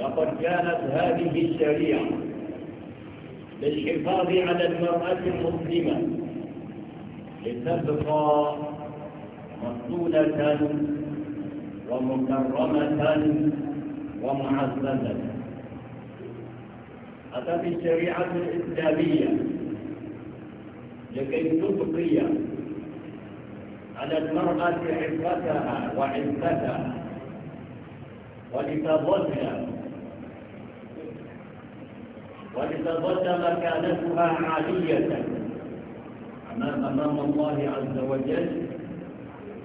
لقد كانت هذه الشريعة للحفاظ على المرأة المسلمة لتبقى مصونة ومكرمة ومعززة أتى الشريعة الإسلامية لكي تبقي على المرأة عفتها وعزتها ولتظل ولتظل مكانتها عالية أمام, الله عز وجل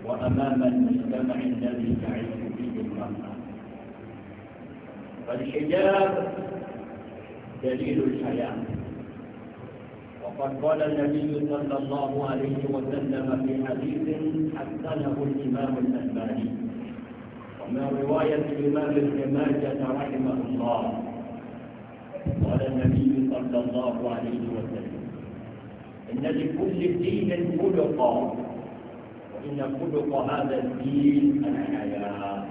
وأمام المجتمع الذي تعيش فيه المرأة فالحجاب دليل الحياة وقد قال النبي صلى الله عليه وسلم في حديث حسنه الإمام الألباني ومن رواية الإمام ابن ماجه رحمه الله قال النبي صلى الله عليه وسلم إن لكل دين خلقا وإن خلق هذا الدين الحياة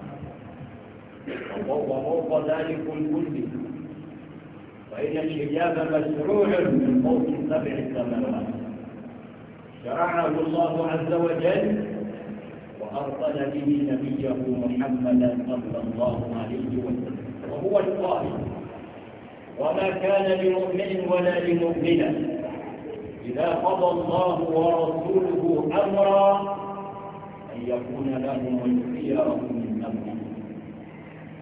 وفوق ذلك الكل فإن الحجاب مشروع من فوق سبع السماوات شرعه الله عز وجل وأرسل به نبيه محمدا صلى الله عليه وسلم وهو القائد وما كان لمؤمن ولا لمؤمنة إذا قضى الله ورسوله أمرا أن يكون لهم الخيرة من أمره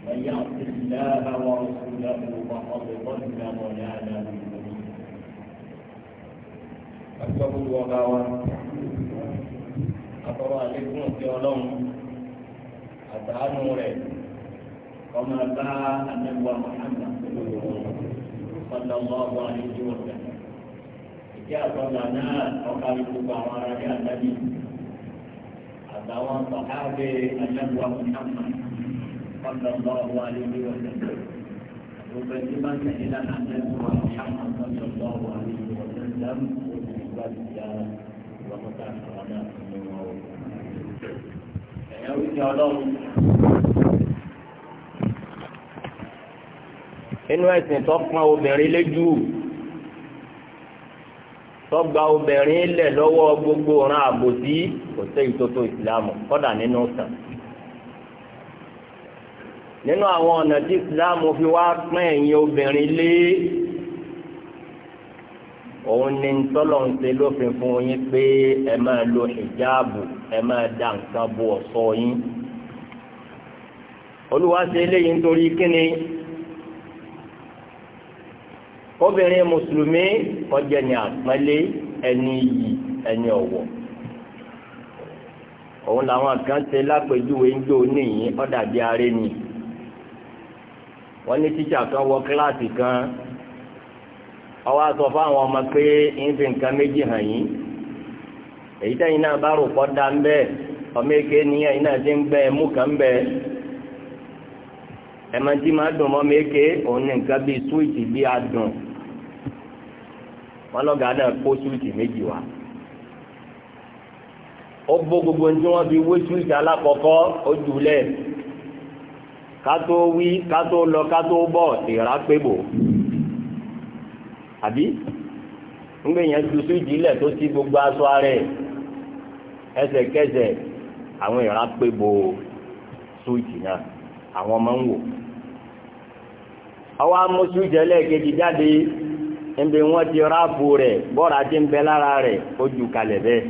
من يعص الله ورسوله فقد ضل ضلالا أكبر وغاوة أقرأ لكم في علوم أتعانوا رأي وما باع النبوة محمد صلى الله عليه وسلم ìdí àtọ́lá náà ọ̀ka gbogbo àwọn ará ní àtàbí àtàwọn sọ̀hábẹ́ àjẹ́wà mùsàmà ọ̀dọ̀gbọ́ wà lórí ọ̀sẹ̀. gbogbo ẹni máa ń tẹ̀lé lánàá àjẹ́wà mùsàmà ọ̀dọ̀gbọ́ wà lórí ọ̀sẹ̀ dáhùn oṣù nígbà tí a wọ́n mọ́ta àwọn náà tó ní wọn o. ẹ̀yẹ́ wíjọ ọlọ́run. inú ẹ̀sìn tó pọn obìnrin lójú tọ́gba obìnrin lẹ̀ lọ́wọ́ gbogbo ọ̀ràn àbòsí kò sí ìtótó ìsìlámù kọ́dà nínú sàn. nínú àwọn ọ̀nà tí ìsìlámù fi wá pín ẹ̀yìn obìnrin lé òun ni tọ́lọ̀ ń ṣe lófin fún yín pé ẹ máa lo ìjáàbù ẹ máa da nǹkan bo ọ̀ṣọ́ yín. olúwa ṣe eléyìí nítorí kíni obìnrin mùsùlùmí kọjá ní àpẹẹlẹ ẹni yìí ẹni ọ̀wọ̀ òun làwọn kan ṣe lápèjúwe ń jò níyìn ọ̀dàbí aré ni wọ́n ní tíṣà kan wọ kíláàsì kan ọwọ́ sọ fáwọn ọmọ pé ń fi nǹkan méjì hàn yín èyí tẹ́yìn náà bá rò pọ́ dá ń bẹ́ẹ̀ ọmọ èké ní ẹ̀yìn náà ti ń bẹ́ ẹmú kan bẹ́ẹ̀ ẹ̀mọ́ tí máa dùn mọ́ èké òun ní wọn lọ́gà náà kó súwìtì méjì wá ó bó gbogbo ní wọn fi wé súwìtì alákọ̀ọ́kọ́ ó jùlẹ̀ kátó wí kátó lọ kátó bọ̀ tèrà pé bò àbí ńgbé yẹn ju súwìtì ilẹ̀ tó ti gbogbo aṣọ rẹ̀ ẹsẹ̀kẹsẹ̀ àwọn ìran pé bò súwìtì náà àwọn ọmọ ń wò àwọn amúsúwìtì ẹlẹ́ẹ̀kejì jáde níbi wọ́n ti ráàbù rẹ̀ bọ́ọ̀rù àti ń bẹ lára rẹ̀ ó ju kalẹ̀ bẹ́ẹ̀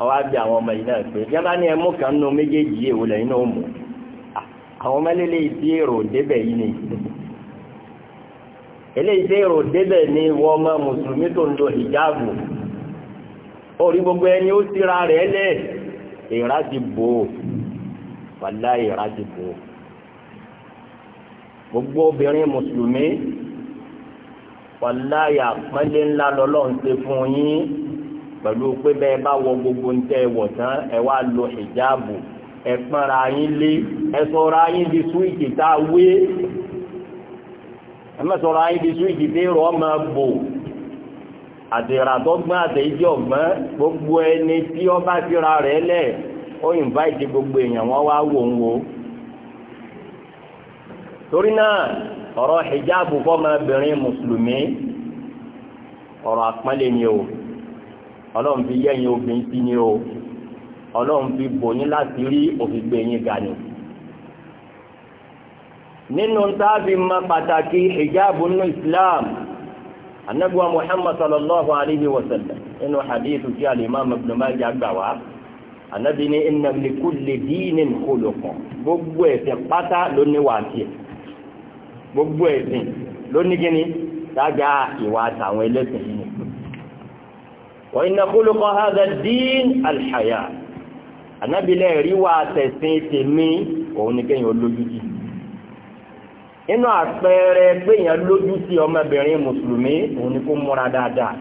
ọwọ́ àbí àwọn ọmọ yìí náà pé yẹ́n bá ní kan nù méjèèjì èwo lẹ́yìn náà mú àwọn ọmọ eléyìí tí èrò débẹ̀ yìí ni eléyìí tí èrò débẹ̀ ni wọ́n ọmọ mùsùlùmí tó ń lo hijabu orí gbogbo ẹni ó síra rẹ̀ lẹ̀ èèrà ti bò ó wàlá èèrà ti bò ó gbogbo obìnrin mùsùlùmí wàláyà pẹ́lẹ́ ńlá lọ́lọ́ ń fún yín pẹ̀lú pé bẹ́ẹ̀ bá wọ gbogbo ń tẹ́ wọ̀ tán ẹwà lo hijabu yín lé ẹ yín di súwìtì tá a wé ẹ yín di súwìtì tí rọ́ gbogbo ẹni tí bá síra rẹ̀ lẹ̀ gbogbo èèyàn wọ́n wá wò ń torí náà. ọ̀rọ̀ hijabu fọ́mọbìnrin mùsùlùmí ọ̀rọ̀ àpọ́nlé ni o ọlọ́run fi yẹ́yìn obìnrin sí ni o ọlọ́run fi bò ní láti rí òfin gbé yín ga ni. nínú táàbì ma pàtàkì hijabu nínú islam anabiwa muhammad sallallahu alayhi wa sallam nínú hadithu tí alimam ibn majah gbà wá inna likulli dinin khuluqan gbogbo ẹ̀sẹ̀ pátá ló ní wàá gbogbo ẹ̀sìn lónìí kí ni sága ìwà àtàwọn ẹlẹ́sìn yìí wa inna khuluqa hadha ad-din al-haya ànábìlẹ̀ rí wà tẹ̀sìn tèmi òun ni kéèyàn lójútì inú àpẹẹrẹ péèyàn lójútì ọmọbìnrin mùsùlùmí òun ni kó múra dáadáa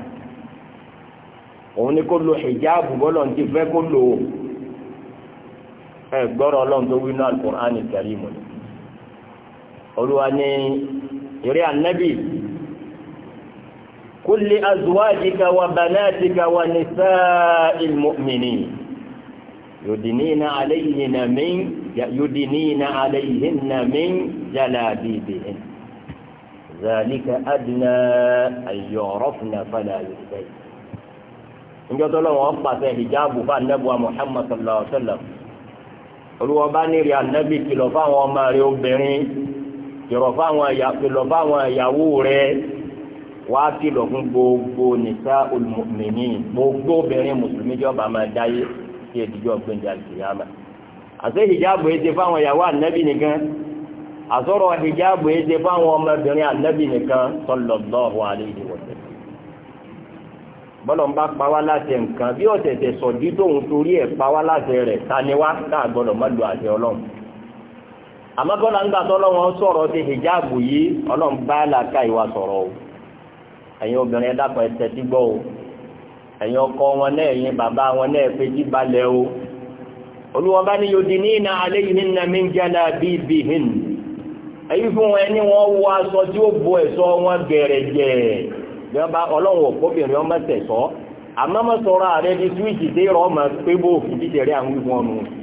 òun ni kó lo hijab bọ́lọ̀ ní ti fẹ́ kó lò ó gbọ́rọ̀ ọlọ́run tó wí náà al-Qur'an ni olúwa ní eré ànábì kulli azwajika wa banatika wa nisa'il mu'minin yudinina alayhinna min yudinina alayhinna min jalabibihin zalika adna an yu'rafna fala yu'zayna njẹ́ tó lọ́wọ́ pàṣẹ hijabu fún anábùwà muhammad sallallahu alayhi wa olúwa bá ní rí kìlọ̀ fáwọn ọmọ rẹ̀ obìnrin kìlọ̀ fáwọn ìyàwó rẹ wàá kìlọ̀ fún gbogbo nìsa olùmọ̀mìnì gbogbo obìnrin mùsùlùmí jọba máa dáyé sí ìdíjọ́ gbẹ̀ndẹ̀ àlùkìyàmà àti hijabu eze fáwọn ìyàwó ànábì nìkan àsọ̀rọ̀ hijabu eze fáwọn ọmọbìnrin ànábì nìkan sallallahu alaihi wa sallam bọ́lọ̀ ń bá pa wá láṣẹ nǹkan bí ọ̀tẹ̀tẹ̀ sọ̀dí tóun torí ẹ̀ pa wá láṣẹ rẹ̀ taniwá káà gbọ́dọ̀ má lu àṣẹ ọlọ́run na ń gbà tọ́lọ́wọ́n sọ̀rọ̀ ti hijabu yìí ọlọ́run bá làákà ìwà sọ̀rọ̀ o ẹ̀yin obìnrin ẹ dákun ẹ gbọ́ o ẹ̀yin ọkọ wọn náà ẹ̀yin bàbá wọn náà pé balẹ̀ o ni yudinina alayhinna min jalabibihin èyí fún wọn ẹni wọn wọ aṣọ tí ó bo ẹ̀ṣọ́ wọn gẹ̀rẹ̀gẹ̀ ọlọ́run òkóbìnrin ọmọ di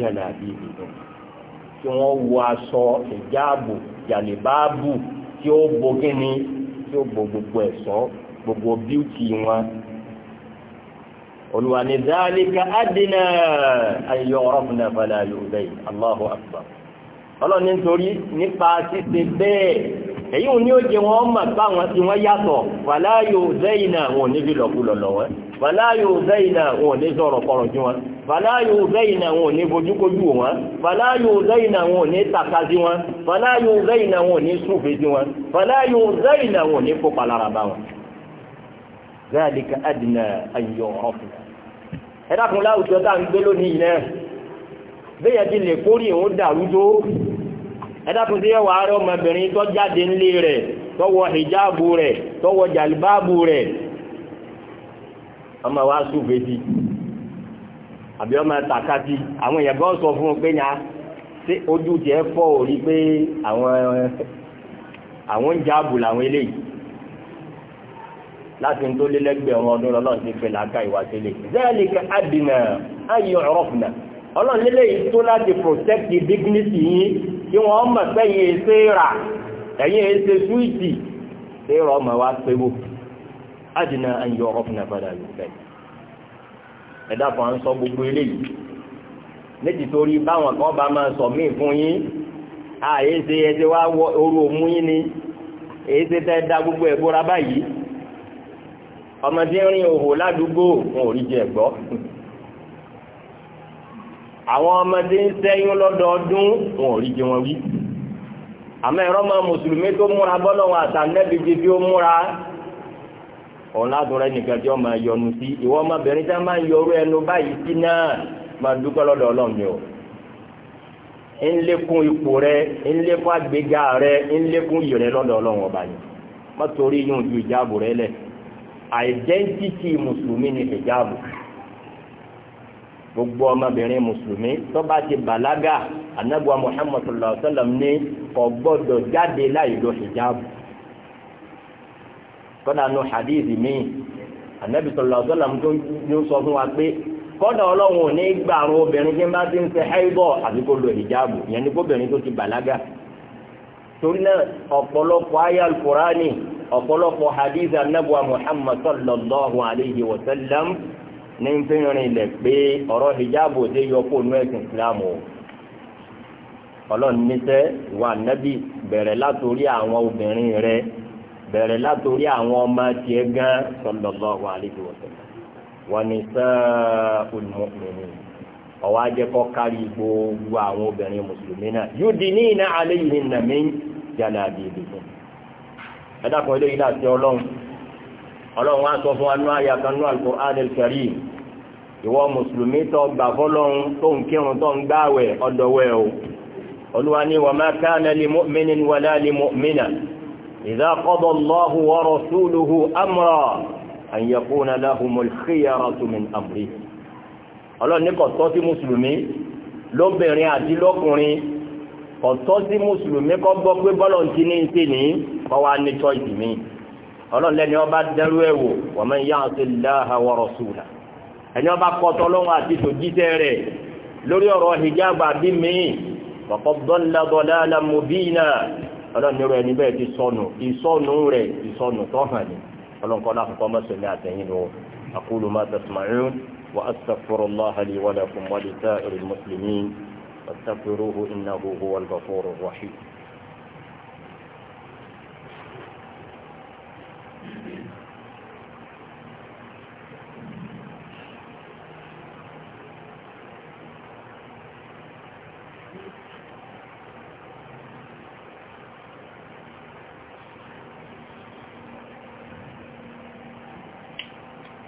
jalabibi ìdùn tí wọ́n wọ aṣọ ìjáàbù jàlèbáàbù tí ó bo tí ó bo gbogbo ẹ̀ṣọ́ gbogbo bíútì wọn olùwà ádínà ayọ̀ ọ̀rọ̀kùnà fàlà yorùbá yìí Allahu akbar ọlọ́ni nítorí nípa ṣíṣe bẹ́ẹ̀ èyí ò ní ó jẹ wọn mà bá wọn tí wọ́n yàtọ̀ fàlà yorùbá yìí náà wọn ò ní fi fàlà yorùbá yìí náà wọn ò ní sọ̀rọ̀ wọn. fàláyò lẹ́yìn àwọn òní bojúkojú wọn fàláyò lẹ́yìn àwọn òní takazí wọn fàláyò lẹ́yìn wọn òní súnfèsí wọn fàláyò lẹ́yìn wọn òní fòpalaraba wọn. zálìkà àdìnà ayọ̀ ọ̀fù. láwùjọ tá ń gbé lónìí náà àbí ọmọ tàkàtì àwọn èèyàn gan sọ fún un pé ní a ṣé ojú tiẹ̀ fọ́ ò rí pé àwọn àwọn ń jáàbù làwọn eléyìí láti ń tó lélẹ́gbẹ̀ẹ́ ọmọ ọdún lọ́lọ́run ti fẹ́ làákà ìwà sílẹ̀ zalika adìnà ayé ọ̀rọ̀fùnà ọlọ́run lélẹ́yìí tó láti protect the dignity yín kí wọ́n mọ̀ sẹ́yìn ẹsẹ̀ rà ẹ̀yìn ẹsẹ̀ súwìtì ṣé rọ ọmọ wa pé wò adìnà ayé ọ̀rọ̀fùnà padà lù ẹ̀dá kan ń sọ gbogbo eléyìí méjì torí báwọn kan bá máa sọ míì fún yín àyè ṣe ẹsẹ̀ wá oru òmú yín ni èyí ṣe tẹ́ da gbogbo ẹ̀ bóra báyìí ọmọdé rìn òhò ládùúgbò fún òríjì ẹ̀gbọ́ àwọn ọmọdé ń sẹ́yún lọ́dọọdún fún òríjì wọn wí àmọ́ ẹ̀rọ ọmọ mùsùlùmí tó múra bọ́lọ́wọ́ àtàndẹ́bìbì tí ó múra òun ládùúrẹ́ nìkan tí wọ́n máa yọnu sí ìwọ ọmọbìnrin tí wọ́n máa ń yọrú ẹnu báyìí sí náà máa dúpẹ́ lọ́dọ̀ ọlọ́run o ńlẹ́kùn ipò rẹ ńlẹ́kùn àgbéga rẹ ńlẹ́kùn iyì rẹ lọ́dọ̀ ọlọ́run ọba yìí má torí yóò ju ìjáàbù rẹ lẹ̀ àìdẹ́ntìtì mùsùlùmí ni ìjáàbù gbogbo ọmọbìnrin mùsùlùmí tó bá ti bàlágà anábùwà muhammadu sallam ní kò jáde láì lo ìjáàbù kọ́dà nù hadith mi anabi sallallahu alaihi wasallam tó yóò sọ fún wa pé kọ́dà ọlọ́run ò ní gbà àrùn obìnrin tí ń bá ti ń ṣe haibọ̀ àbí kó lo hijabu ìyẹn ni kóbìnrin tó ti bàlágà torí náà ọ̀pọ̀lọpọ̀ ayé alukurani ọ̀pọ̀lọpọ̀ hadith anabuwa muhammad sallallahu alayhi wa sallam ní n fi rìn lẹ̀ pé ọ̀rọ̀ hijabu ò dé yọ kó nú ẹ̀sìn islam o ọlọ́run níṣẹ́ ìwà anabi bẹ̀rẹ̀ látòrí àwọn obìnrin rẹ̀ bẹ̀rẹ̀ látòrí àwọn ọmọ tiẹ̀ gan sallallahu alaihi wasallam wa nisa'ul mu'minin ọwọ́ ajẹ́ kọ́ kárí gbogbo àwọn obìnrin mùsùlùmí náà yudinina alayhinna min jalabibihin ẹ̀dàkùn ilé ilé àti ọlọ́run ọlọ́run wá sọ fún anú àyà kanú al-Qur'an al-Karim ìwọ mùsùlùmí tó gbà fọ́lọ́run tó ń kírun tó ń gbààwẹ̀ ọdọ̀wẹ̀ o olúwa ní wa ma kana إذا قضى الله ورسوله أمرا أن يكون لهم الخيرة من أمره ọlọ́run ní kò tọ́ sí mùsùlùmí lóbìnrin àti lọ́kùnrin kò tọ́ sí mùsùlùmí kọ́ gbọ́ pé bọ́lọ̀ntì ní ṣe ní kọ́ wa ní tọ́jú mi ọlọ́run lẹ́ni ọba dẹ́rú ẹ̀ wò wa man ya'si ọlọ́nirú ẹni bẹ́ẹ̀ ti sọnù ìsọnù rẹ̀ ìsọnù tó hàn ní ọlọ́nkọ́lá àkọ́kọ́ mọ́sẹ̀lẹ̀ àtẹ̀yìn lọ aqulu ma tasma'un wa astaghfirullaha li wa lakum wa li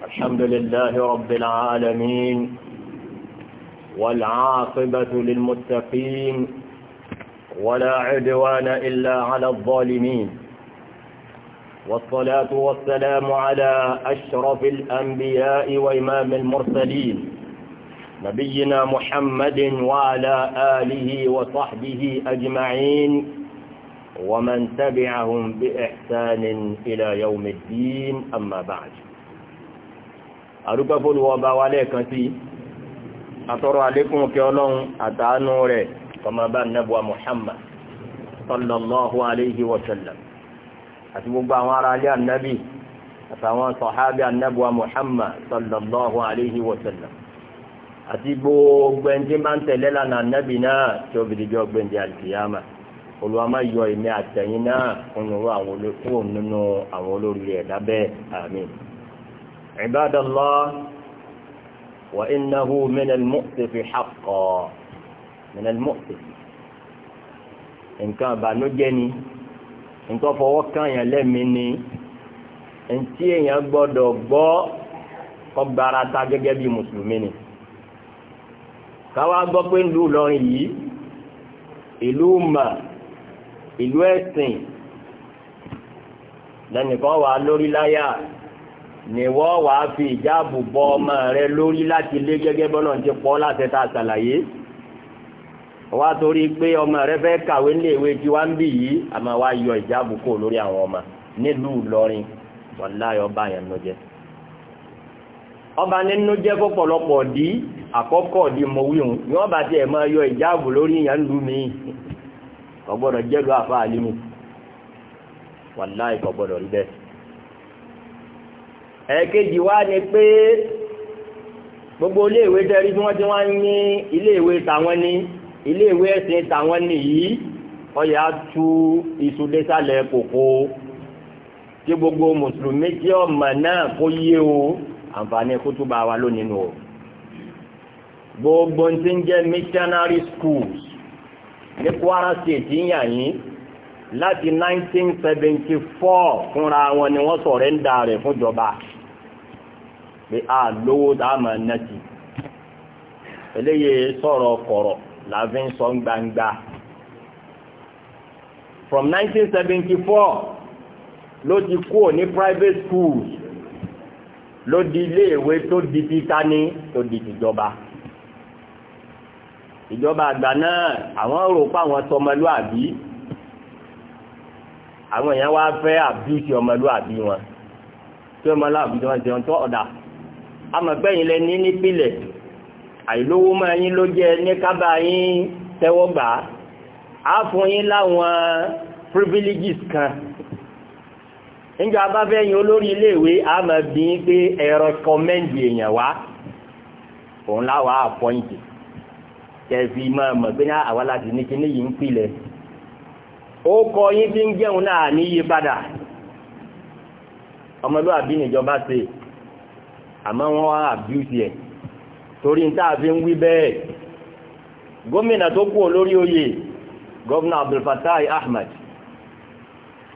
الحمد لله رب العالمين والعاقبة للمتقين ولا عدوان إلا على الظالمين والصلاة والسلام على أشرف الأنبياء وإمام المرسلين نبينا محمد وعلى آله وصحبه أجمعين ومن تبعهم بإحسان إلى يوم الدين أما بعد àdúpẹ́ fóluwọ́ ọba wa lẹ́ẹ̀kan sí àtọrọ àlékún òkè ọlọ́run àtàánú rẹ̀ kọmọba nẹ́bùwa Muhammad sallallahu alayhi wa sallam àti gbogbo àwọn ará alẹ́ ànábì àtàwọn sọ̀hábí ànábùwa Muhammad sallallahu alayhi wa sallam àti gbogbo ẹni tí bá ń tẹ̀lé lànà ànábì náà tí ó bìí jọ gbẹ̀ǹdì yọ ìmẹ́ àtẹ̀yìn náà kún nínú àwọn olórí ẹ̀dá bẹ́ẹ̀ عباد الله وإنه من المؤسف حقا من المؤسف إن كان بانجني إن تفوق كان يلمني إن تيني أبدا kọgbara ta gẹ́gẹ́ bí mùsùlùmí ni káwá gbọ́ pé ìlú Ìlọrin yìí ìlú mà ìlú ẹ̀sìn lẹ́nìkan wà lórí láyà nìwọ́ wàá fi ìjáàbù bọ ọmọ rẹ lórí láti lé gẹ́gẹ́ bọ́lọ̀ ti pọ́ láti ta àṣàlàyé wá torí pé ọmọ rẹ fẹ́ kàwé ní ìwé tí wá ń bì yìí àmọ́ wá yọ ìjáàbù kò lórí àwọn ọmọ nílùú Ìlọrin wàláyọ ọba yẹn ló jẹ ọba nínú jẹ́ fọ́pọ̀lọpọ̀ dí àkọ́kọ́ dí mo wíhun ní wọ́n bá ti máa yọ ìjáàbù lórí ìyàn lú mi kò gbọ́dọ̀ jẹ́lu àfáà límù wàláì kò gbọ́dọ̀ rí bẹ́ẹ̀ ẹ̀ẹ̀kejì wá ni pé gbogbo iléèwé tẹ́rí tí wọ́n ti wá ní iléèwé tàwọn ní iléèwé ẹ̀sìn tàwọn nìyí ọyà tu ìsúdésàlẹ̀ kòkó tí gbogbo mùsùlùmí tí ọmọ náà kó yé o àǹfààní kútùbà wa lónìí nù o gbogbo ti ń jẹ́ missionary schools ní Kwara State yíyàn yín láti 1974 fúnra wọn ni wọ́n sọ̀rẹ́ńdà rẹ̀ fúnjọba pé a lówó tá máa ná sí eléyìí sọ̀rọ̀ kọ̀rọ̀ làbí ń sọ gbangba from 1974 ló ti kúrò ní private schools ló di iléèwé tó di títa ní tó di tìjọba ìjọba àgbà náà àwọn rò pa àwọn tọmọlúàbí àwọn èèyàn wá fẹ́ àbí ti ọmọlúàbí wọn tí ọmọlúàbí wọn ti wọn tó ọ̀dà amọ̀gbẹ́yìn lẹ ní nípìlẹ̀ àìlówó mọ́ ẹyin ló jẹ́ ní kábà yín tẹ́wọ́ gbà á fún yín láwọn privileges kan níjọ abáfẹ́yìn olórí iléèwé a mọ̀ bí i pé ẹ̀rọ kọmẹ́ǹdì èèyàn wá òun láwà àpọ́ǹtì kẹfì máa mọ̀ pé ní àwa láti ní kíní yìí ń pilẹ̀ ó kọ yín tí ń jẹun náà níyí padà ọmọlúwàbí níjọba ṣe àmọ́ wọ́n wá àbíúsì ẹ̀ torí n táà fi ń wí bẹ́ẹ̀ gómìnà tó kú olórí oyè gómìnà Abdulfatai Ahmed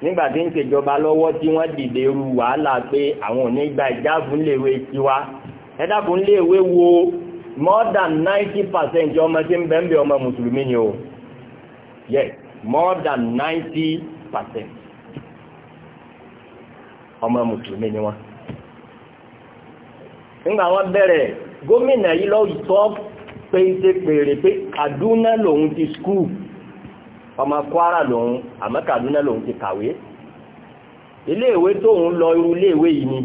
nígbà tí ń ṣèjọba lọ́wọ́ tí wọ́n dìde ru wàhálà pé àwọn onígbà ìjáàbù léwe tiwa ẹ̀dàkùn léwe wo more than ninety percent ọmọ tí ń bẹ́ẹ̀ ọmọ mùsùlùmí ni o yes more than ninety percent ọmọ mùsùlùmí ni wọ́n nígbà wọn bẹ̀rẹ̀ gómìnà yìí lọ ìtọ́ pé ṣe pèrè pé Kaduna lòun ti skul ọmọ Kwara lòun àmọ́ Kaduna lòun ti kàwé iléèwé tóun lọ irú iléèwé yìí ni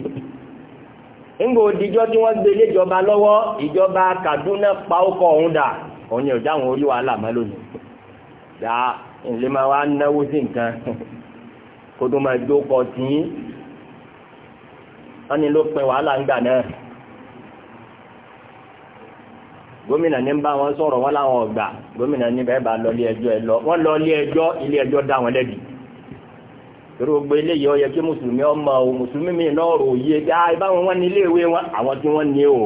ńgbò òdìjọ́ tí wọ́n gbé léjọba lọ́wọ́ ìjọba Kaduna pa ọkọ̀ ọ̀hún dà òun ni ọ̀dá àwọn orí wàhálà mọ́ lónìí dá ilé máa wá náwó ló pin wàhálà ńgbà náà gómìnà ní bá wọn sọ̀rọ̀ wọn láwọn ọ̀gbà gómìnà ní bẹ́ẹ̀ bá lọ ilé ẹjọ́ ẹ lọ wọ́n lọ ilé ẹjọ́ ilé ẹjọ́ dá wọn lẹ́bi torí gbogbo eléyìí ó yẹ kí mùsùlùmí ọmọ o mùsùlùmí mi náà rò yé bí ah, i wọn ní iléèwé wọn àwọn tí wọn ní o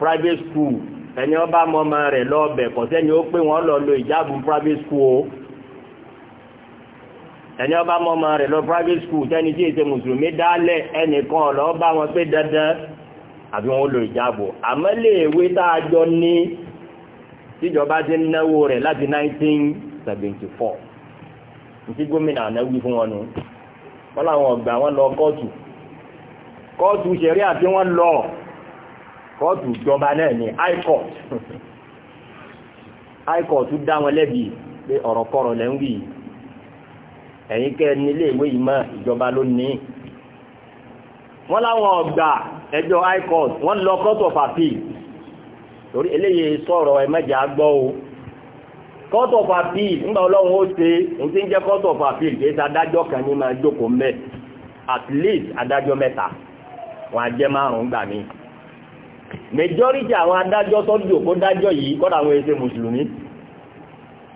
private school ẹni wọn bá mọ ọmọ rẹ lọọbẹ kò sẹ́ni ó pé wọn lọ lo ìjáàbù private school o ẹni wọn bá mọ ọmọ rẹ lọ private school sẹ́ni tí èsè mùsùlùmí dálẹ ẹnìkan lọ bá wọn pé dandan àbí wọ́n lo ìjábò àmọ́ lè wé tá a jọ ní tíjọba ti ń náwó rẹ̀ láti 1974 ntí gómìnà àná wí fún wọn nù wọ́n làwọn ọ̀gbà wọn lọ kóòtù kóòtù ṣẹ̀rí àti wọ́n lọ kóòtù ìjọba náà ní high court high court dá wọn lẹ́bi pé ọ̀rọ̀ kọ̀rọ̀ lẹ́ ń wí ẹ̀yin kẹ́ nílé ìwé yìí mọ́ ìjọba ló ní wọ́n làwọn ọ̀gbà ẹjọ́ high court wọ́n lọ court of appeal torí eléyìí sọ̀rọ̀ ẹ̀mẹ́jà gbọ́ o court of appeal ńgbà ọlọ́run ó ṣe ń ń jẹ́ court of appeal kì í adájọ́ kan ní máa at least adájọ́ mẹ́ta wọn á jẹ́ márùn-ún gbà mí majority àwọn adájọ́ tó dájọ́ yìí àwọn mùsùlùmí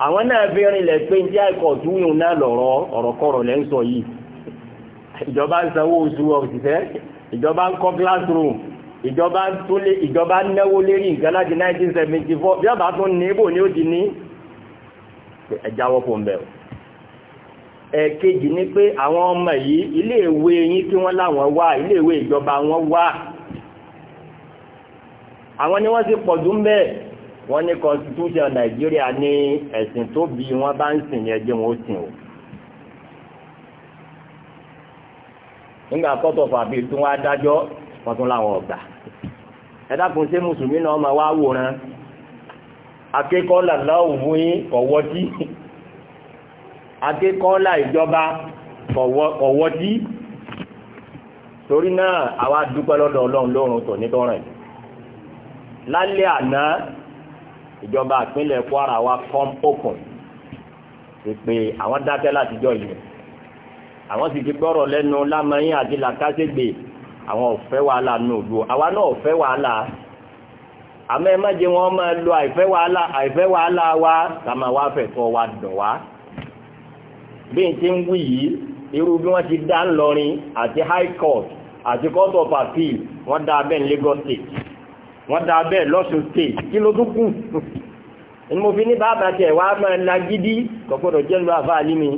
àwọn náà fi rinlẹ̀ pé ní wíwùn náà lọ̀rọ̀ ọ̀rọ̀kọ̀rọ̀ ìjọba ń sanwó ìjọba ń kọ́ classroom ìjọba tó lé ìjọba náwó lérí nǹkan láti 1974 bí ọba tún ní ibò ni ó ti ní ẹjáwọ́ fún bẹ̀rù ẹ̀kejì ni pé àwọn ọmọ yìí iléèwé yín tí wọ́n láwọn wá iléèwé ìjọba wọn wá àwọn ni wọ́n sì pọ̀jù ń bẹ́ẹ̀ wọ́n ní constitution Nigeria ní ẹ̀sìn tó bí wọ́n bá ń sìn yẹn jẹ́ ó sìn o nígbà kọ́tọ̀ fàbí tún wá dájọ́ wọ́n tún láwọn ọ̀gbà ẹ̀dàkùn sí mùsùlùmí náà ma wá wòran akẹ́kọ́ làlá òun yín kọ̀wọ́tí akẹ́kọ́ là ìjọba kọ̀wọ́tí torí náà àwa dúpẹ́ lọ́dọ̀ ọlọ́run lórun tò nítọ́rìn lálẹ́ àná ìjọba ìpínlẹ̀ Kwara wa come open ìpè àwọn dákẹ́ látijọ́ yìí àwọn sì ti gbọ́rọ̀ lẹ́nu lámọ́yìn àti làkásẹ́gbè àwọn ọ̀fẹ́ wàhálà nù òdu àwa náà ọ̀fẹ́ wàhálà àmọ́ ẹ má jẹ́ wọn máa lo àìfẹ́ wàhálà àìfẹ́ wàhálà wa kàmá wá fẹ̀tọ́ wa dùn wá bí n ti ń wí yìí irú bí wọ́n ti dá ńlọrin àti high court àti court of appeal wọ́n dá abẹ́ ní Lagos state wọ́n dá abẹ́ lọ́sùn state kí ló tún kù ni mo fi ní bàbá tẹ̀ wá máa lagídí kọ̀kọ́dọ̀ jẹ́ lu àbá àlími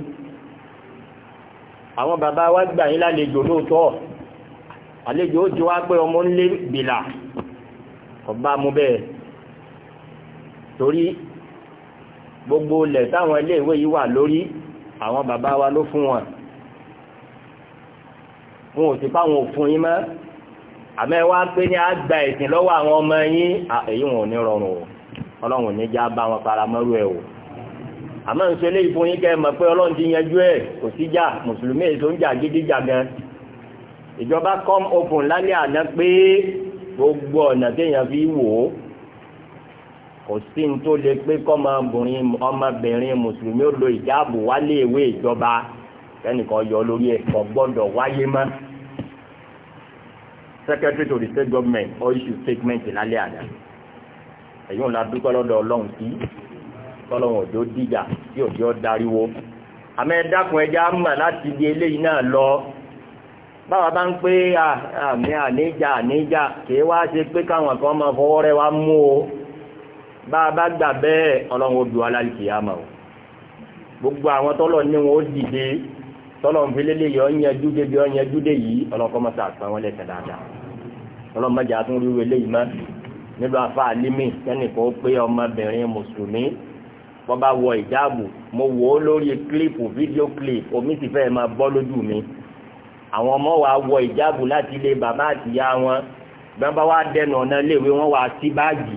àwọn bàbá wa gbà yín lálejò lóòótọ́ àlejò ó ti wá pé ọmọ ń lé bìlà ọba mú bẹ́ẹ̀ torí gbogbo ilẹ̀ táwọn iléèwé yìí wà lórí àwọn bàbá wa ló fún wọn wọn ò sì fáwọn òfin yín mọ́ àmẹ́ wá pé ní àgbà ẹ̀sìn lọ́wọ́ àwọn ọmọ yín èyí wọn ò ní rọrùn o ọlọ́run ò ní já bá wọn paramọ́rú ẹ̀ o àmọ́ ń sọ eléyìí fún yín kẹ́ ẹ mọ̀ pé ọlọ́run ti yanjú ẹ̀ kò sí jà mùsùlùmí èso ń jà gídíjà gan ìjọba com open lálẹ́ àná pé gbogbo ọ̀nà téèyàn fi wò ó kò sí ní tó lè pé kọ́mọbìnrin ọmọbìnrin mùsùlùmí ó lo ìjáàbù wálé ìwé ìjọba kẹ́nìkan yọ lórí ẹ̀ kò gbọ́dọ̀ wáyé mọ́ secretary to the state government ó issue statement lálẹ́ àná èyí ò la dúpẹ́ lọ́dọ̀ ọlọ́run sí kọ́lọ́wọ̀n òjò dìjà tí òjò dariwo àmọ́ ẹ dákun ẹja mà láti di eléyìí náà lọ báwa bá ń pé àmì àníjà àníjà kìí wá ṣe pé káwọn kan máa fọwọ́ rẹ wá mú o bá a bá gbà bẹ́ẹ̀ ọlọ́run odò alálìkìyàmà o gbogbo àwọn tọ́lọ̀ ní wọn ó dìde tọ́lọ̀ ń fi lélẹ̀ yọ ọ̀yẹ́jú dé bí ọ̀yẹ́jú dé yìí ọlọ́kọ́ mọ́ta àtàn wọn lẹ́sẹ̀ dáadáa tọ́lọ̀ mọ́jà tún rí wẹlé yìí mọ́ nílùú afá alímì kẹ́nìkan ó pé ọmọbìnrin mùsùlùmí wọ́n bá wọ ìjáàbù mo wò ó lórí kílípù fídíò kílípù omi sì fẹ́ máa bọ́ lójú mi àwọn ọmọ wa wọ ìjáàbù láti ilé bàbá àtìyá wọn bí wọ́n bá wá dẹnu ọ̀nà iléèwé wọ́n wá sí báàgì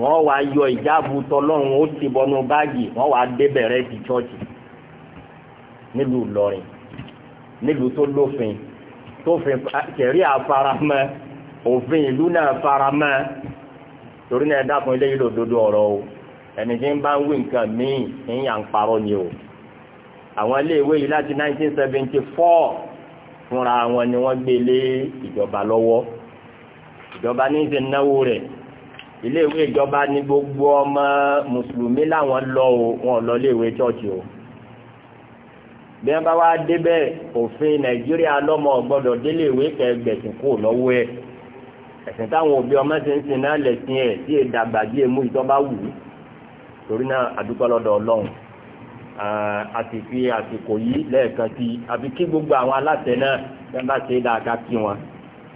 wọ́n wá yọ ìjáàbù tọlọ́run ó ti bọnú báàgì wọ́n wá débẹ̀rẹ̀ ti chọ́ọ̀chì nílùú Ìlọrin nílùú tó lófin tófin kẹrí àfaramọ́ òfin ìlú náà faramọ́ torí náà dákun eléyìí lòdodo ọ̀rọ̀ o ẹni tí ń bá ń wí nǹkan míì ń yà parọ́ ni o àwọn iléèwé yìí láti 1974 fúnra wọn ni wọ́n gbé lé ìjọba lọ́wọ́ ìjọba ní í ṣe náwó rẹ̀ iléèwé ìjọba ní gbogbo ọmọ mùsùlùmí láwọn lọ o wọn lọ iléèwé chọ́ọ̀chì o bí wọ́n bá wá débẹ̀ òfin nàìjíríà lọ́mọ gbọ́dọ̀ déléèwé kẹgbẹ̀sìn kò lọ́wọ́ ẹ̀ ẹ̀sìn táwọn òbí ọmọ ti ń sin náà lẹ̀sìn ẹ̀ tí èdàgbà bí emu ìjọba wù ú torí náà àdúpẹ́ lọ́dọ̀ ọlọ́run àti fi àsìkò yìí lẹ́ẹ̀kan sí àfi kí gbogbo àwọn aláṣẹ náà ṣe ń bá ṣe dáadáa kí wọn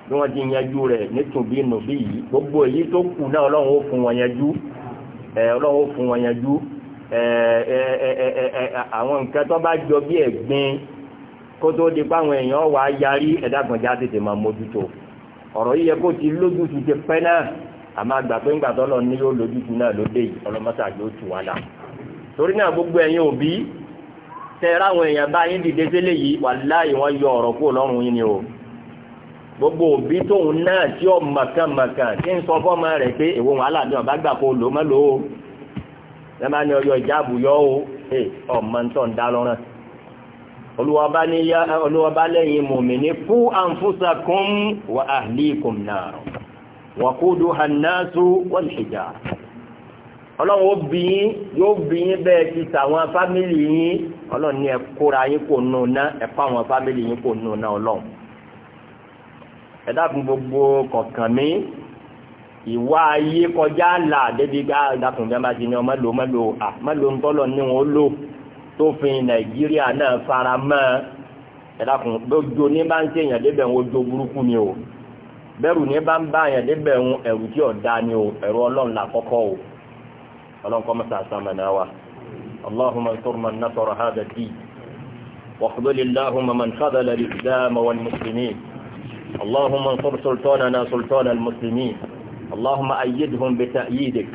bí wọ́n ti yanjú rẹ̀ nítòbí nòbí yìí gbogbo èyí tó kù náà ọlọ́run ó fún wọn yanjú ọlọ́run ó fún wọn yanjú àwọn nǹkan tó bá jọ bí ẹ̀gbin kó tó di páwọn èèyàn wà á yarí ẹ̀dàgbọ̀njá tètè máa mójútó ọ̀rọ̀ yìí yẹ kó ti lójú ti ti pẹ́ náà àmọ́ àgbà pé ńgbà tó lọ ní yóò lójútu náà ló dé yìí ọlọ́mọ́sà yóò tù wá là torí náà gbogbo ẹ̀yin òbí tẹ̀ra àwọn èèyàn bá yín dìde sílé yìí wàláhì wọ́n yọ ọ̀rọ̀ kúrò lọ́rùn yín ni o gbogbo òbí tóun náà tí ó mọ̀kànmọ̀kàn tí ń sọ fọ́mọ rẹ̀ pé èwo wàhálà ni ọ̀bá gbà kó lò mọ́ lò ó lẹ́mà ni ọyọ ìjáàbù yọ ó ọmọ ń tọ̀ ń dá lọ́rùn olùwọ́ba lẹ́yìn mùmí ní kú anfusakum wa ahlikum náà waquduha an-nasu wal-hijara ọlọ́run ó bí yín yóò bí yín bẹ́ẹ̀ ti tàwọn fámìlì yín ọlọ́run ní ẹ kóra yín kò nù ná ẹ pa àwọn fámìlì yín kò nù ná ọlọ́run ẹ dákun gbogbo kọ̀ọ̀kan mi ìwà ayé kọjá là débi ká dákun bí wọn bá ti ní ọmọ mọ́lò à mọ́lò ń tọ́lọ̀ ní wọn ó lò tófin nàìjíríà náà fara mọ́ ẹ gbogbo ní bá ń ṣèyàn débẹ̀ wọn jó burúkú ni o bẹ́rù ní bá ń bá àyàn débẹ̀ ń ẹ̀rù tí ọ̀dá ni o ẹ̀rù ọlọ́run làkọ́kọ́ o ọlọ́run kọ́ mọ́sá àsámẹ́nà wa اللهم انصر من نصر هذا الدين واخذل اللهم من خذل الإسلام والمسلمين اللهم انصر سلطاننا سلطان المسلمين اللهم أيدهم بتأييدك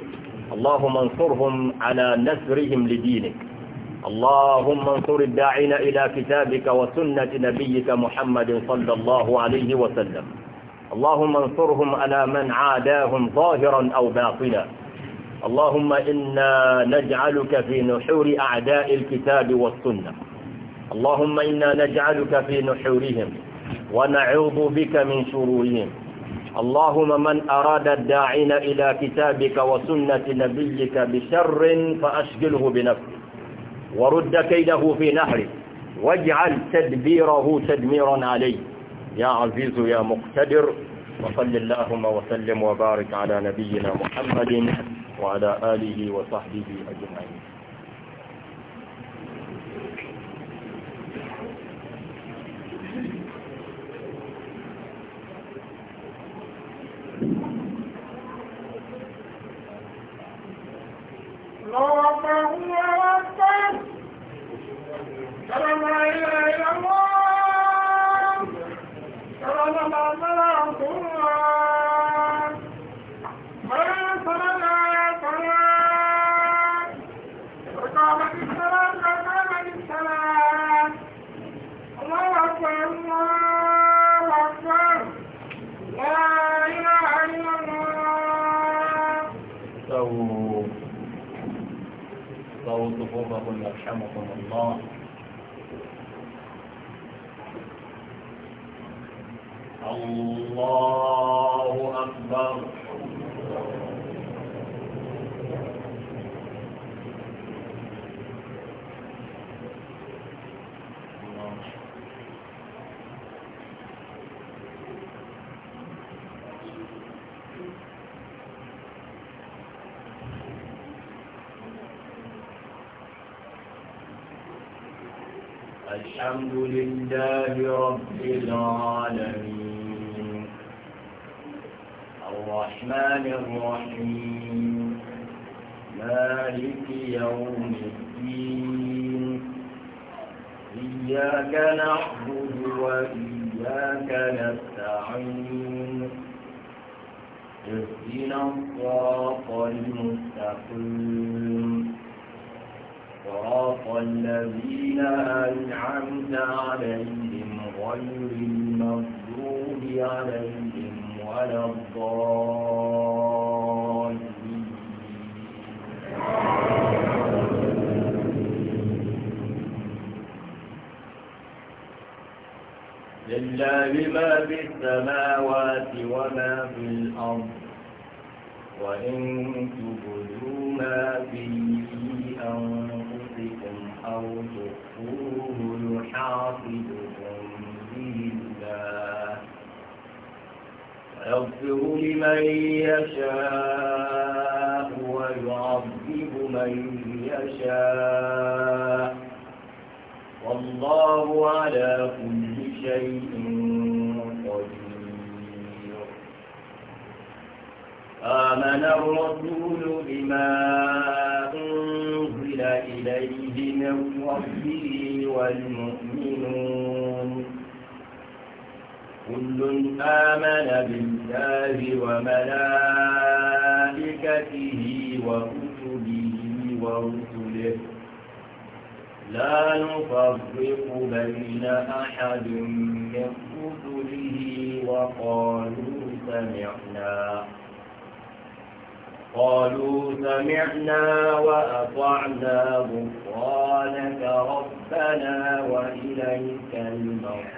اللهم انصرهم على نصرهم لدينك اللهم انصر الداعين إلى كتابك وسنة نبيك محمد صلى الله عليه وسلم اللهم انصرهم على من عاداهم ظاهرا أو باطلا اللهم إنا نجعلك في نحور أعداء الكتاب والسنة اللهم إنا نجعلك في نحورهم ونعوذ بك من شرورهم اللهم من أراد الداعين إلى كتابك وسنة نبيك بشر فأشغله بنفسه ورد كيده في نحره واجعل تدبيره تدميرا عليه يا عزيز يا مقتدر وصل اللهم وسلم وبارك على نبينا محمد وعلى آله وصحبه أجمعين Lord, my Lord, رحمكم الله العالمين الرحمن الرحيم مالك يوم الدين إياك نعبد وإياك نستعين اهدنا الصراط المستقيم صراط الذين أنعمت عليهم غير المغضوب عليهم ولا الضالين لله ما في السماوات وما في الأرض وإن تبدوا ما في أنفسكم أو تخفوه يحافظكم يغفر لمن يشاء ويعذب من يشاء والله على كل شيء قدير آمن الرسول بما أنزل إليه من ربه والمؤمنون كل آمن بالله وملائكته وكتبه ورسله لا نفرق بين أحد من رسله وقالوا سمعنا قالوا سمعنا وأطعنا غفرانك ربنا وإليك المرجع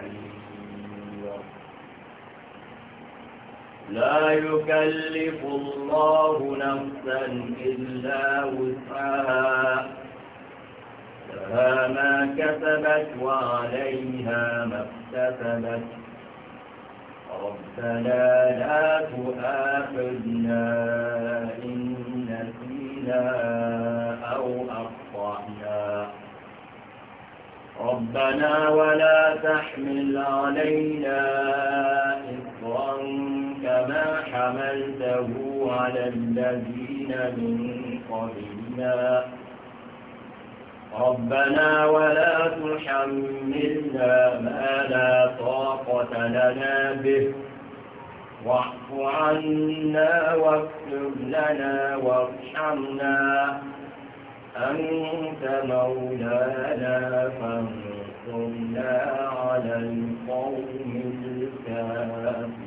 لا يكلف الله نفسا إلا وسعها لها ما كسبت وعليها ما اكتسبت ربنا لا تؤاخذنا إن نسينا أو أخطأنا ربنا ولا تحمل علينا إصرا وما حملته على الذين من قبلنا ربنا ولا تحملنا ما لا طاقة لنا به واعف عنا واكتب لنا وارحمنا أنت مولانا فانصرنا على القوم الكافرين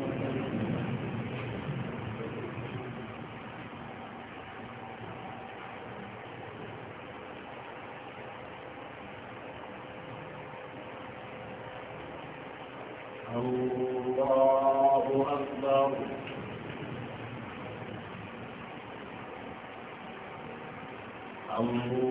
الله أكبر الله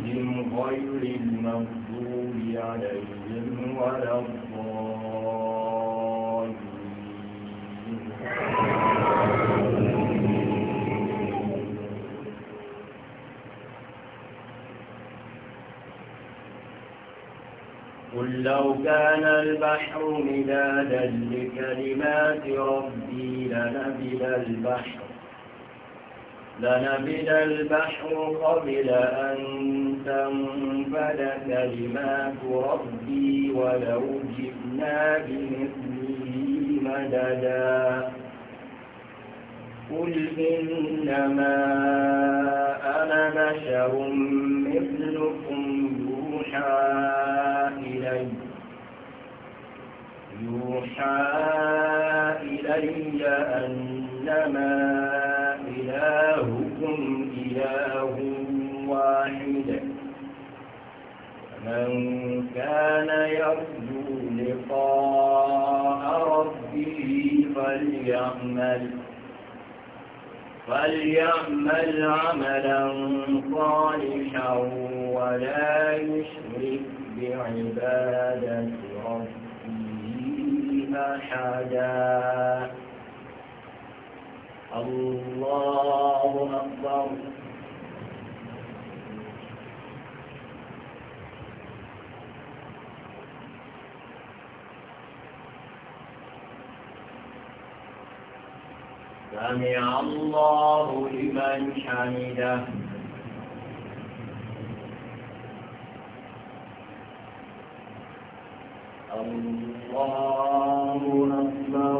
عليهم غير المغضوب عليهم ولا قل لو كان البحر مدادا لكلمات ربي لنبذ البحر لنبذ البحر قبل أن تنفد كلمات ربي ولو جئنا بمثله مددا قل إنما أنا بشر مثلكم يوحى إلي يوحى إلي أنما إله واحد من كان يرجو لقاء ربه فليعمل فليعمل عملا صالحا ولا يشرك بعبادة ربه أحدا الله أكبر سمع الله لمن حمده الله أكبر